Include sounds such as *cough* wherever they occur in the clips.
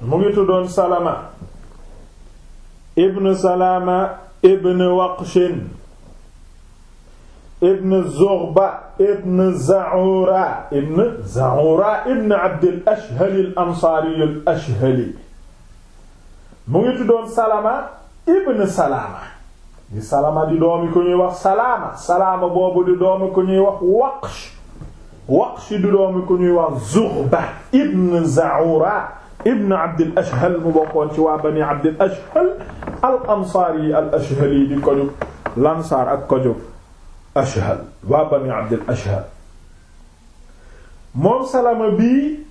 mu ngi tuddoon salama ibn salama ibn waqshin ibn zughba ibn zaura ibn zaura ibn abdil ashhali al al ashhali mu ngi tuddoon salama ibn salama di salama di doomi ku ñuy wax salama salama boobu di doomi ku ñuy wax waqsh waqsh di doomi ku ñuy wax zughba ibn zaura ibn abdil ashhal mu bokkoon ci waa bani abdil ashhal al ansaar al ashhal di kojug lansaar ak kojug ashhal waa bani abdil ashhal moom salama bii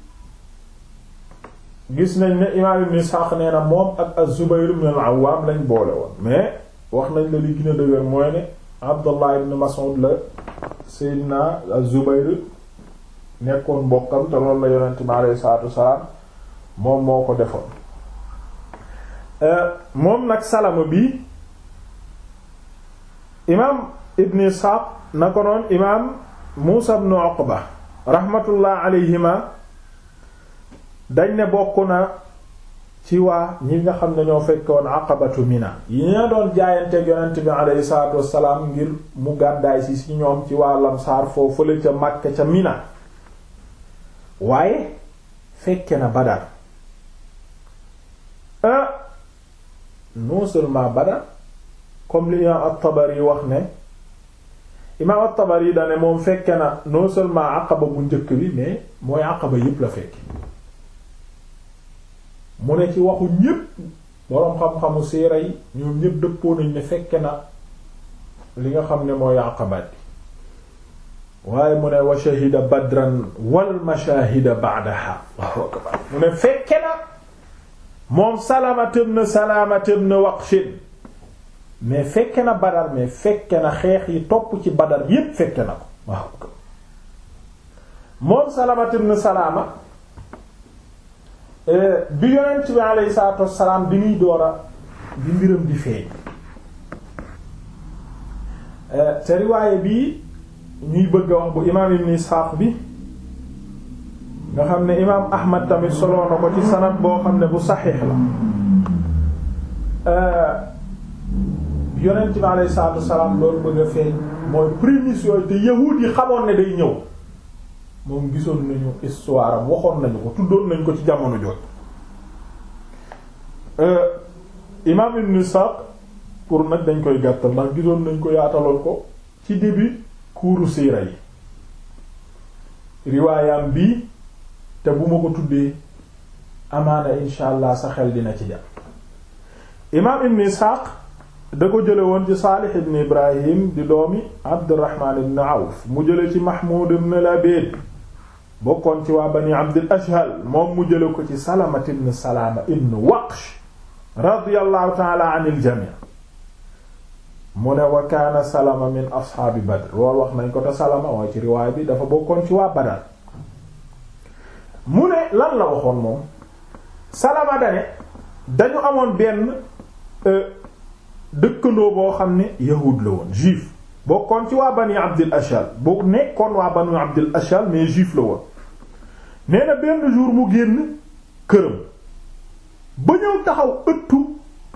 gis nañ ne imaam ibn Isxaaq nee na moom ak az-Zubayr ibn al-Awwaam lañ boole woon mais wax nañ la li gën dëgër mooy ne Abdullah ibn Mas'ud la Seydina az-Zubayr nekkoon bokkam te loolu la yonent bi alayhi salaatu wa salaam moom moo ko defoon euh, moom nag salama bi imaam ibn isxaaq na ko noon imaam muusa ibn uqba rahmatullah alayhima dañ ne bokk na ci waa ñi nga xam ne ñoo fekkoon aqabatu mina yi ñee doon jaayanteeg yonent bi alayhi salaatu ngir mu gàddaay si ci ñoom ci waa lamsaar foofu la ca Makka ca mina waaye fekke na Badar non seulement Badar comme li imaam at-Tabari wax ne imaam at-Tabari da ne moom fekke na non seulement Aqaba bu njëkk bi mais mooy Aqaba yépp la fekke mu ne ci waxu ñépp boroom yi ñoom fekke na li nga xam ne mooy Aqaba waaye mu ne wa shahida badran wal mashahida ba'daha mu ne fekke na moom Salama ibn Salama ibn Waqshin mais fekke na Badar mais fekke na xeex yi topp ci Badar yépp fekke na ko waaw moom Salama ibn Salama euh, bi yonent bi alayhi salaatu wassalaam bi muy doora bi mbiram di feeñ euh, te riwaaye bii ñuy bëgg a wax bu imaam ibn Isxaaq bi nga xam ne imaam Ahmad tamit soloo na ko ci sanad boo xam ne bu saxiix la euh, yonent bi alayhi salaatu wasalaam loolu bëgg a feeñ mooy prémices yooyu te yahuud yi xamoon ne day ñëw moom gisoon nañu histoire am waxoon nañu ko tuddoon nañu ko ci jamono jooju. Euh, imaam Ibn Ishaq pour nag dañ koy gàttal ndax gisoon nañ ko yaataloon ko ci début kuuru siira yi riwaayam bi te bu ma ko tuddee amaana insha sa xel dina ci dem imaam ibn isxaaq da ko jële woon ci saalix ibn ibrahim di doomi abdurahmaan ibn awf mu jële ci mahmud ibn labeed bokkoon ci waa bani abdul ashhal moom mu jële ko ci salamat ibn salaama ibn waqsh radiyallahu taala anil jamii mu ne wa kaana salama min ashaabi badr loolu wax nañ ko te salama waaye ci riwaay bi dafa bokkoon ci waa badar mu ne lan la waxoon moom Salama dane dañu amoon benn euh, dëkkandoo boo xam ne yahud la woon juif bokkoon ci waa bani Abdul Ashal boo nekkoon waa bani Abdul Ashal mais juif la woon nee na benn jour mu génn këram ba ñëw taxaw ëttu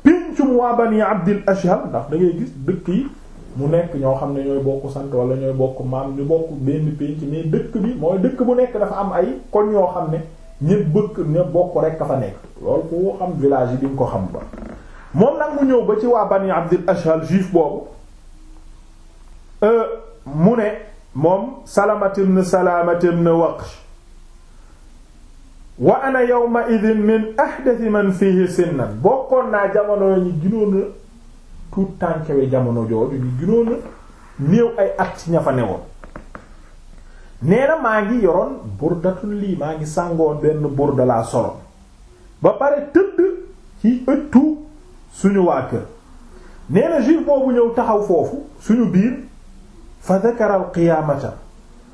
pincum waa bani Abdul Ashal ndax dangay gis dëkk yi mu nekk ñoo xam ne ñooy bokk sant wala ñooy bokk maam ñu bokk benn pénc mais dëkk bi mooy dëkk bu nekk dafa am ay koñ yoo xam ne ñëpp bëkk ñëpp bokk rek dafa nekk loolu ku xam village yi di nga ko xam ba moom nag mu ñëw ba ci waa Bani Abdul Ashhal juif boobu euh, mu ne moom salamatin salamatin Waqsh wa ana yawma idhin min ahdathi man fihi sinnan bokkoon naa jamono ñu ginoona tuut tànkewe jamono jooju ñu gënoon a néew ay at ci ña fa newoon nee na maa ngi yoroon burdatul lii maa ngi sàngoon benn burda laa solo ba pare tëdd ci ëttu suñu waa kër nee na boobu ñëw taxaw foofu suñu biir fa dakara al qiyaamata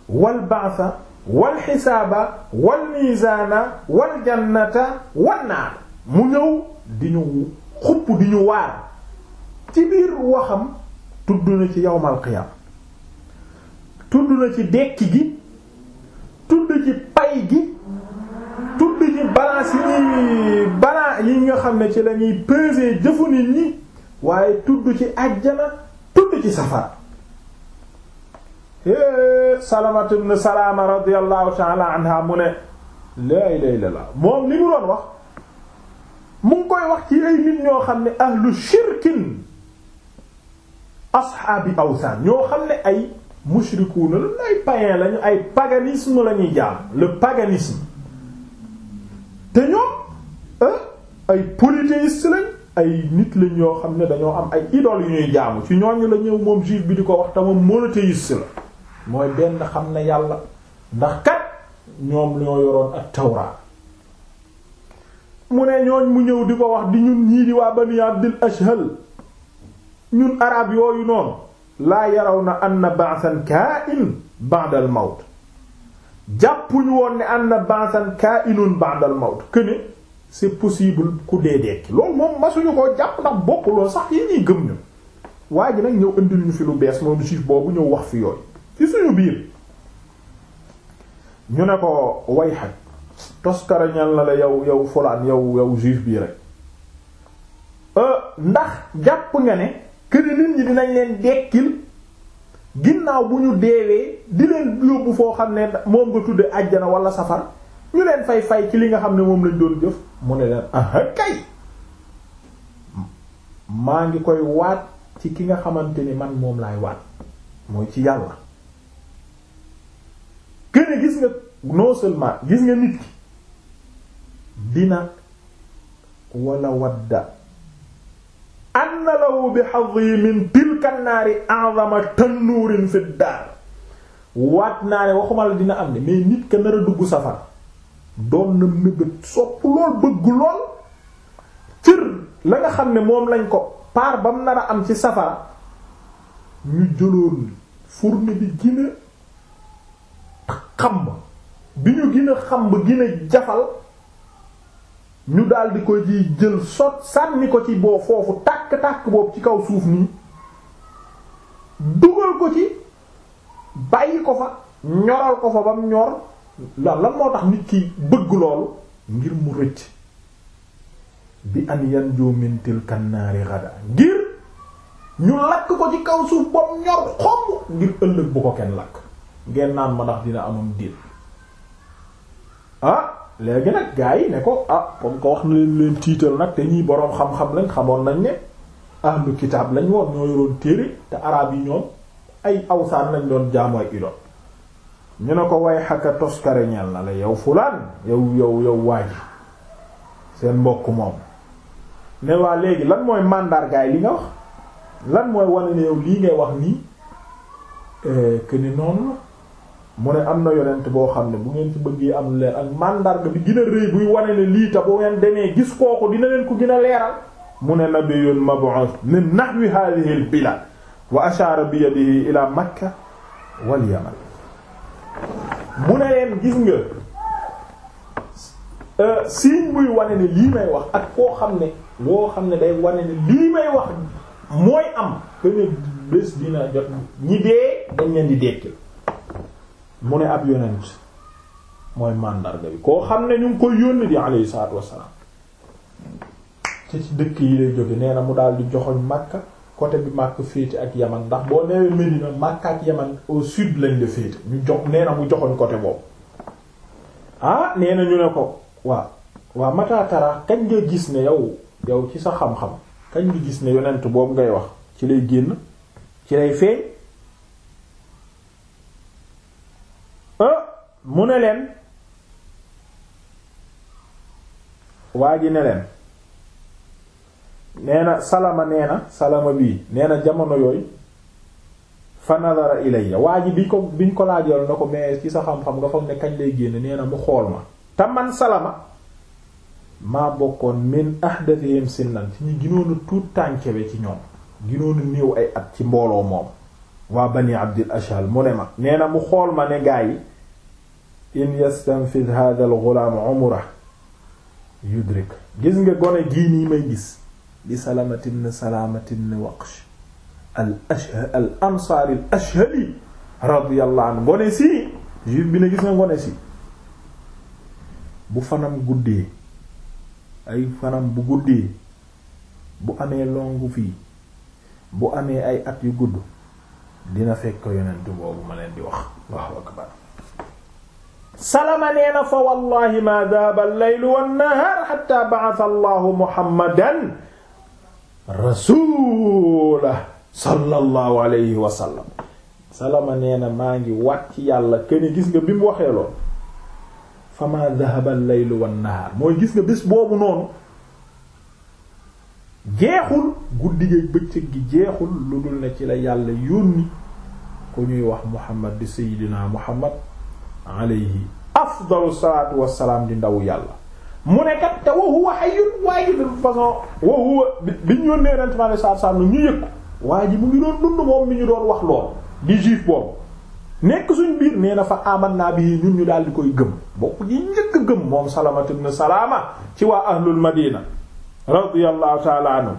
wal ba'tha wal xisaaba wal miizaana wal jannata wan mu ñëw di ñu xupp di ñu waar ci biir waxam tudd na ci yawmal qiyam tudd na ci dekki gi tudd ci pay gi tudd ci balance yi balance yi nga xam ne ci la ñuy peser jëfu nit ñi waaye tudd ci ajjana tudd ci safar é eh, salamatu ibn salama radiyallahu ta'ala anha mu ne laa ilaha illallah moom li mu doon wax mu ngi koy wax ci ay nit ñoo xam ne ahlu shirkin asxaabi awsan ñoo xam ne ay mushrikuuna la ay païen lañu ay paganisme la ñuy jaam le paganisme te ñoom ay polythéistes lañ ay nit lañ yoo xam ne dañoo am ay idoles yu ñuy jaamu ci ñooñu la ñëw moom juif bi di ko wax te moom monothéiste la mooy benn xam ne yàlla ndax kat ñoom ñoo yoroon ak tawraat mu ne ñooñ mu ñëw di ko wax di ñun ñii di waa bani abdil ashhal ñun arab yooyu noonu laa yaraw na anna ba'san kaa'in ba'da al mawt jàppuñu woon ni anna ba'san kaa'inun ba'da al mawt que si c'est possible ku dee dekki loolu moom masuñu koo jàpp ndax bokkuloo sax yi ñuy gëm ñun waa ji nag ñëw indil ñu fi lu bees moom juif boobu ñëw wax fi yooyu ci suñu biir ñu ne ko way xaj toskarañal na la yow yow fulaan yow yow juif bii rek euh, ndax jàpp nga ne këne nit ñi dinañ leen dekkil ginnaaw bu ñu deewee di leen yóbbu foo xam ne moom nga tudde àjjana wala safar ñu leen fay fay ci li nga xam ne moom lañ doon jëf mu ne leen aha kay maa ngi koy waat ci ki nga xamante ni man moom laay waat mooy ci yàlla këne gis nga non seulement gis nga nit ki dina wala wadda anna lahu bi hadhi min tilka naari a'zama tannuurin fi daar waat naa ne waxuma dina am ne mais nit ka nar a dugg safar doon na mébét sopp lool bëgg lool cër la nga xam ne moom lañ ko paar bam nar a am ci safara ñu jëloon fourne bi gën xamb bi ñu gën xamb gën jafal ñu daldi ko ji jël sot sànni ko ci boo foofu tàkk-tàkk boobu ci kaw suuf nii dugal ko ci bàyyi ko fa ñoral ko fa bam ñor lan lan moo tax nit ki bëgg loolu ngir mu rëcc bi am yan joomintil kannaari rada ngir ñu lakk ko ci kaw suuf ba ñor xomb ngir ëllëg bu ko kenn lakk ngeen naan ma ndax dina amam déet ah léegi nag gaa yi ne ko ah comme ko wax leen leen tiital nag te ñii boroom xam-xam lañ xamoon nañ ne ahlu kitaab lañ woon ñoo yoroon téere te araab yi ñoom ay awsaan lañ doon jaamu ay ñu ne ko way xakka toskare ñeel na la yow fulaan yow yow yow waaj seen mbokk moom ne waa léegi lan mooy màndargaay li nga wax lan mooy wane ne yow lii ngay wax nii eh, que noonu la mu ne am na yonent boo xam ne bu ngeen ci bëggee am leen ak màndarga bi gën a rëy buy wane ne lii ta boo ngeen demee gis kooku dina leen ko gën a leeral mu ne nabiyyun mab'uth min nahwi hadhihi al bilad wa ashara bi yadihi ne gis nga euh, signe buy lii may wax ak koo xam ne loo xam ne day wane ne lii may wax mooy am que bés dina jot ñi dee dañ leen dekkil mu ne ab yonent mooy màndarga bi koo xam ne ñu ngi koy yónni di alayhi salaatu wassalaam ci ci dëkk yi lay jóge nee mu daal di joxoñ màkk côté bi Makka féete ak Yaman ndax boo neewee Medina Makka ak Yaman au sud lañ la féete ñu jox nee na mu joxoñ côté boobu ah nee na ñu ne ko waa waa mataatara kañ nga gis ne yow yow ci sa xam-xam kañ nga gis ne yonent boobu ngay wax ci lay génn ci lay feeñ mu ne leen waa ji ne leen nee na salama nee na salama bii nee na jamono yooy fa nadara ilayya waa ji bi ko biñ ko laajoon na ko mais ci sa xam-xam nga foog ne kañ lay génn nee na mu xool ma te man salama maa bokkoon min ahdathihim sinnan ci ñu ginoonu tuut tànkewe ci ñoom ginoonu néew ay at ci mbooloo moom waa bani abdil ashal mu ne ma nee na mu xool ma ne gaa yi in yastanfid hadha al ghulaam yudrik gis nga gone gii nii may gis di salamatin salamatin waqsh al ashhal al ansaari al ashhali radiyallahu anhu si juif bi ne gis nga gone si bu fanam guddee ay fanam bu guddee bu amee longu fii bu amee ay at yu gudd dina fekk yonent boobu ma leen di wax Allahu akbar salama nee fa wallahi ma dahaba allaylu wannahaar xata bacata allahu muhammadan rasulah wa sallam salama nee maa ngi wàcc yàlla këni gis nga bi mu waxee lool fa ma dahaba allaylu wannahaar mooy gis nga bés boobu noonu jeexul guddi gi bëccëg gi jeexul lu dul ne ci la yàlla yónni ku ñuy wax muhammad di sayidina muhammad alayhi afdalu salaatu salaam di ndaw yàlla mu nekkat kat te wa huwa hayyun waa façon wa huwa bi ñu yónnee Yonent bi alayhi salaatu wassalaam ñu yëg waa ji mu ngi doon dund moom mi ñu doon wax lool di juif boobu nekk suñ biir nee na fa amanna bi ñun ñu daal di koy gëm bokk ñi njëkk gëm moom Salamatu ibn Salama ci waa ahlul Madina radiyallahu ta'ala anhu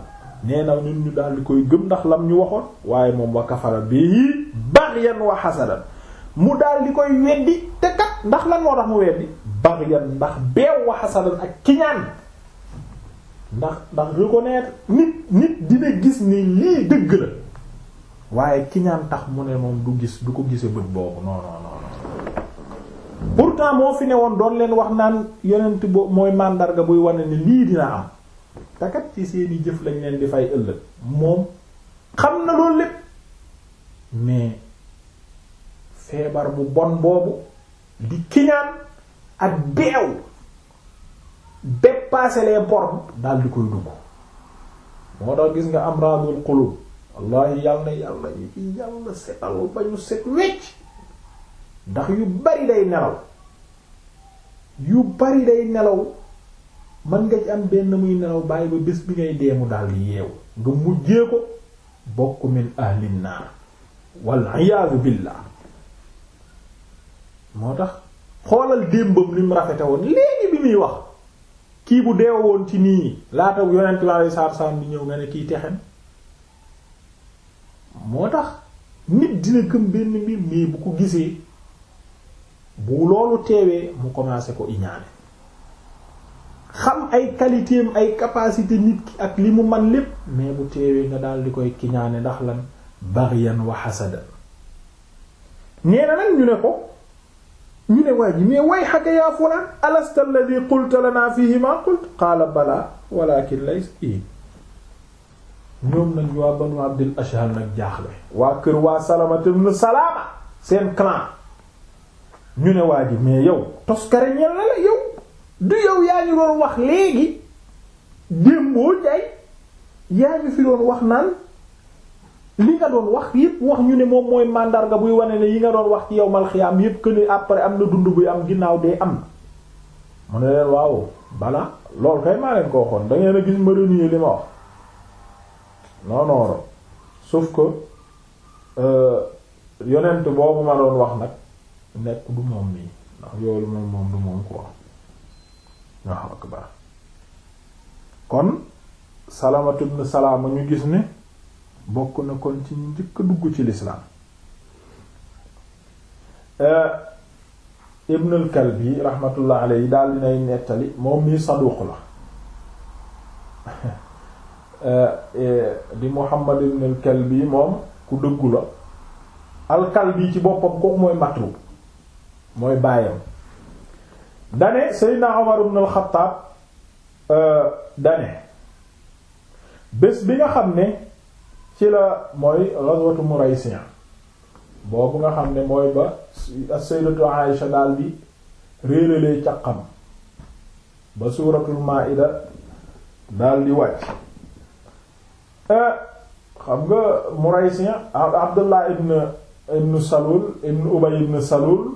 nee na ñun ñu daal di koy gëm ndax lam ñu waxoon waaye moom wa kafara bi baxyan wa hasadan mu daal di koy weddi te kat ndax lan moo tax mu weddi baghyan ndax beew wa hasadan ak kiñaan ndax ndax reconnaître nit nit dina gis ni lii dëgg la waaye kiñaan tax mu ne moom du gis du ko gise bët boobu non non non pourtant moo fi ne woon doon leen wax naan yonent bo mooy màndarga buy wane ni lii dina am takat ci seeni jëf lañ leen di fay ëllëg moom xam na loolu lépp mais feebar bu bon boobu di kiñaan ak beew dépasser les bornes di koy dugg moo tax gis nga amradul qulub wallahi yàlla na yàlla yàlla setal ba set wecc ndax yu bari day nelaw yu bari day nelaw mën nga ci am benn muy nelaw bàyyi ba bés bi ngay deemu daal di yeewu nga mujjee ko bokk min ahlin naar wal iyaadu billah moo tax xoolal démbam ni mu rafete woon léegi bi muy wax kii bu dee ci nii laata yonent laa lay saar saam bi ñëw nga ne kiy texen moo tax nit dina gëm benn mbir mais bu ko gisee bu loolu teewee mu commencé ko iñaane xam ay qualité ay capacité nit ki ak li mu man lépp mais bu teewee nga daal di koy kiñaane ndax lan bariyan wa hasada nee nag ñu ne ko ñu ne waa ji mais way xaka yaa fulaan alasta alladhi qulta lana fihi ma qult qaala balaa walakin laysa i ñoom nag waa banu abdil ashhal nag jaaxle waa kër waa salamata ibn salaama seen clan ñu ne waa ji mais yow toskare ñel na la yow du yow yaa ñu doon wax léegi démboo jaay yaa ñu fi doon wax naan li nga doon wax yépp wax ñu ne moom mooy màndarga buy wone ne yi nga doon wax ci yow malxiyaam yépp que ne après am na dund buy am ginnaaw dee am na mu ne waaw bala loolu kay maa leen ko waxoon da a gis ma renier li ma wax non non sauf que euh, yonent boobu ma doon wax nag nekk du moom nii ndax yoolu moom moom du moom quoi waaw akbar kon salamatu ibn ñu gis ni bokk na kon ci ñu njëkk a dugg ci lislaam euh, Ibn al-Kalbi rahmatullah alayhi daal di nay nettali moom mii saduq la *laughs* euh, di Muhammad ibn al-Kalbi moom ku dëggu la al-Kalbi ci boppam kooku mooy Matrub mooy baayam dane Seydina Umar ibn al euh, dane bés bi nga xam ne ci la mooy ghazwatu Muraysiya boobu nga xam ne mooy ba as-sayyidatu Aïsha daal di réeralee caqam ba suuratul Maa'ida daal di wàcc eh, xam nga Muraysiya Abdullah ibn ibn Salul ibn Ubay ibn Salul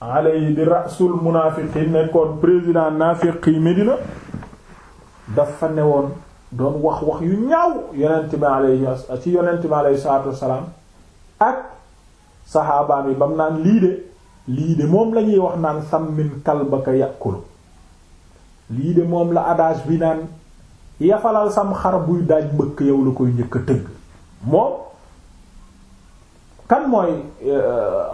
alayhi di rasul munaafiqiin nekkoon président naafiqi Medina dafa newoon doon wax wax yu ñaaw yonent bi alayhi ci yonent bi alayhi salaatu wassalaam ak saxaabaam yi bam naan lii de lii de moom lañuy ñuy wax naan sàmmin kalbaka yàkkulu lii de moom la adage bi naan yafalal sam xar buy daaj bëkk yow la koy njëkk a tëgg moom kan mooy euh,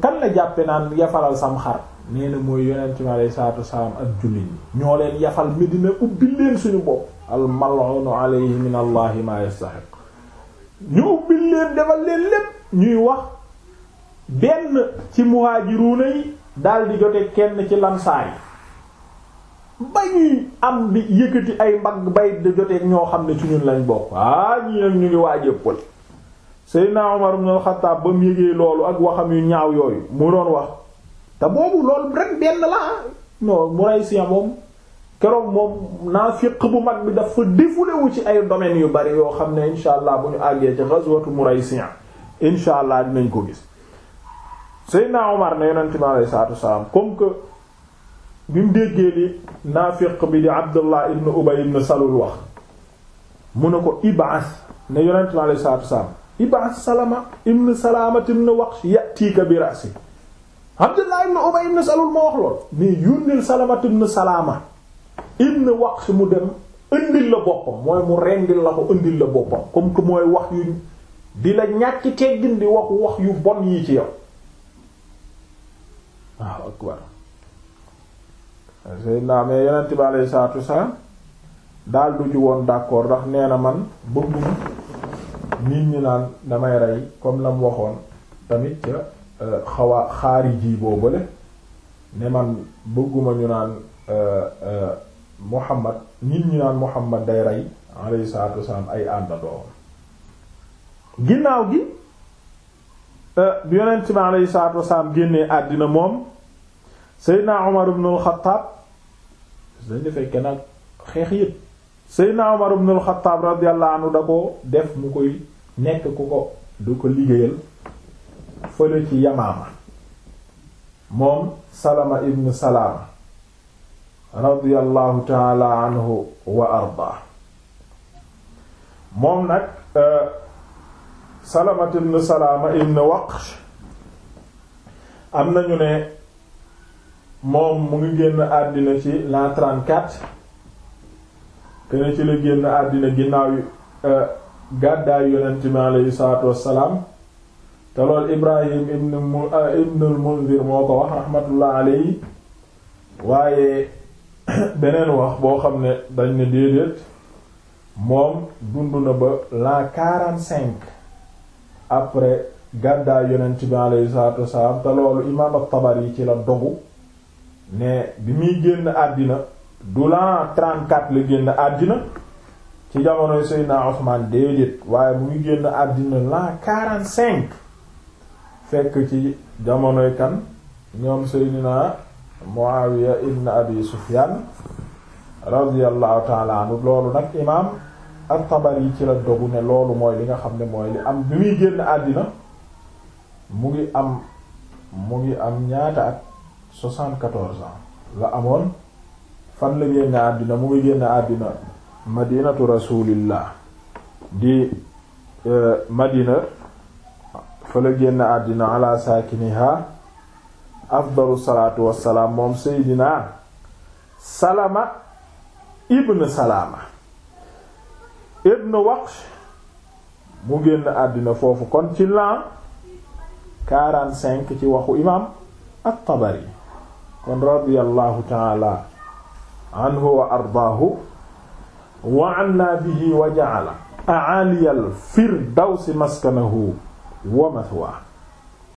kan la jàppe naan yafalal sam xar nee na mooy yonent mi alayhi salaatu ak jullit ñi ñoo leen yafal Medina ubbi leen suñu bopp al mal'unu alayhi min allahi ma yastahiq ñu ubbi leen defal leen lépp ñuy wax benn ci muhaajiruuna yi daldi jote kenn ci lansaar yi ba ñuy am bi ay mbagg bay di jote ñoo xam ne ci ñun lañ bokk ah ñii nag ñu ngi waaj ëppal Seydina Umar ibn al ba mu yëgee loolu ak waxam yu ñaaw yooyu mu doon wax te boobu loolu rek benn la ah. non Muraysiya moom keroog moom naafiq bu mag bi dafa défoulé wu ci ay domaines yu bari yoo xam ne insha allah bu ñu àggee ci ghazwatu Muraysiya insha allah dinañ ko gis Seydina Omar ne yonente bi alayhi salaatu wasalaam comme que bi mu déggee li naafiq bi di Abdullah ibn Ubay ibn Salul wax mu ne ko ibaas ne yonente bi alayhi salaatu wasalaam ibaas Salama ibn Salama ibn Waqsh ya'tika bi ra'si Abdullah ibn Ubay ibn Salul ma wax lool nii yónnil Salamat mu dem indil la boppam mooy mu rendil la ko indil la boppam comme que mooy wax yu di la ñàkk teggin di wax wax yu bon yi ci yow waaw akbar Seydina mais yonent bi alayhi salaatu wasalaam daal du ju woon d'accord ndax nee na man bëggum nit ñi naan damay rey comme la mu waxoon tamit xawaa xaariji boobale ne man bëgguma ñu naan euh, euh, Muhammad nit ñu naan Muhammad day rey alayhi salaatu wasalaam ay àndandoowam ginnaaw gi euh, bi yonent bi alayhi salaatu wasalaam génnee àddina moom Seydina Umar ibn al-Khattab dañu fekke nag xeex yépp Seydina Umar ibn al-Khattab radiyallahu anhu da ko def mu koy nekk ku ko du ko liggéeyal fële ci yamaama moom salama ibn salaama radiyallahu taala anhu wa ardaa moom nag euh, salama ibn salaama ibn waqsh am nañu ne moom mu ngi génn àddina ci l'an 34 kene ci la génn àddina ginnaaw euh, gàddaay yonent bi aleyhi salaatu wassalaam te lool Ibrahim ibn ah, ibnul Munzir moo ko wax rahmatullah alayhi waaye *coughs* beneen wax boo xam ne dañ ne déedéet moom dund na ba l'an quarante-cinq après gàddaay yonent bi alayhi salaatu wasalaam te loolu imaam at-Tabari ci la dogu ne bi muy génn àddina du l'an trente-quatre la génn àddina ci jamonoy Seydina Usmaan déedéet waaye mu ngi génn àddina l'an quarante-cinq fekk ci jamonoy kan ñoom Seydina Muawiya ibn Abi Sufyan radiyallahu taala loolu nag imaam at-Tabari ci la dogu ne loolu mooy li nga xam ne mooy li am bi muy génn àddina mu ngi am ñaata at soixante-quatorze ans la amoon fan la génn àddina mu ngi génn àddina madinatu rasulillah di eh, madina fa la génn àddina ala saakiniha afdalu salaatu wassalaam moom seydina salama ibn salama ibn waqsh mu génn àddina foofu kon ci l'an quarante-cinq ci waxu imaam at-Tabari kon radiyallahu taala anhu wa ardaahu wa anna bihi wa ja'ala a'aliyal firdawsi maskanahu wa mathwa